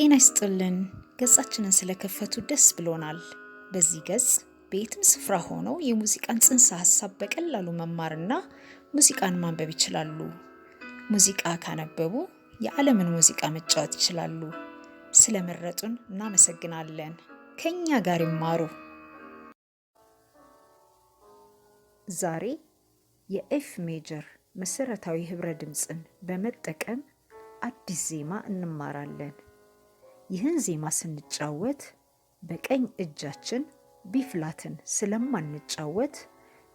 ጤና ይስጥልን። ገጻችንን ስለከፈቱ ደስ ብሎናል። በዚህ ገጽ በየትም ስፍራ ሆነው የሙዚቃን ጽንሰ ሀሳብ በቀላሉ መማርና ሙዚቃን ማንበብ ይችላሉ። ሙዚቃ ካነበቡ የዓለምን ሙዚቃ መጫወት ይችላሉ። ስለመረጡን እናመሰግናለን። ከኛ ጋር ይማሩ። ዛሬ የኤፍ ሜጀር መሰረታዊ ህብረ ድምፅን በመጠቀም አዲስ ዜማ እንማራለን። ይህን ዜማ ስንጫወት በቀኝ እጃችን ቢፍላትን ስለማንጫወት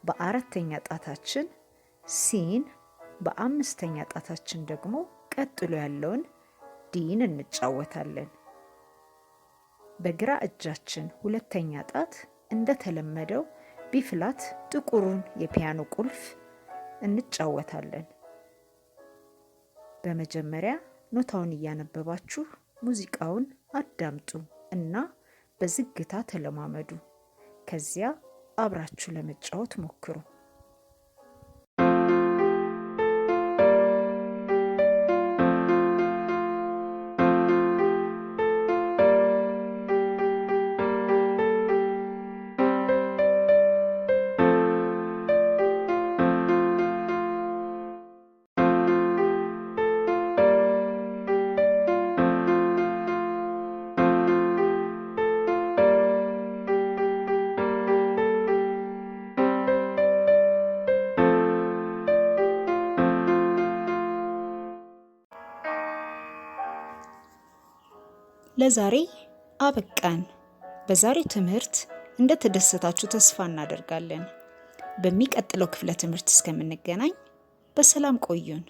በአራተኛ ጣታችን ሲን፣ በአምስተኛ ጣታችን ደግሞ ቀጥሎ ያለውን ዲን እንጫወታለን። በግራ እጃችን ሁለተኛ ጣት እንደተለመደው ቢፍላት ጥቁሩን የፒያኖ ቁልፍ እንጫወታለን። በመጀመሪያ ኖታውን እያነበባችሁ ሙዚቃውን አዳምጡ እና በዝግታ ተለማመዱ። ከዚያ አብራችሁ ለመጫወት ሞክሩ። ለዛሬ አበቃን። በዛሬው ትምህርት እንደተደሰታችሁ ተስፋ እናደርጋለን። በሚቀጥለው ክፍለ ትምህርት እስከምንገናኝ በሰላም ቆዩን።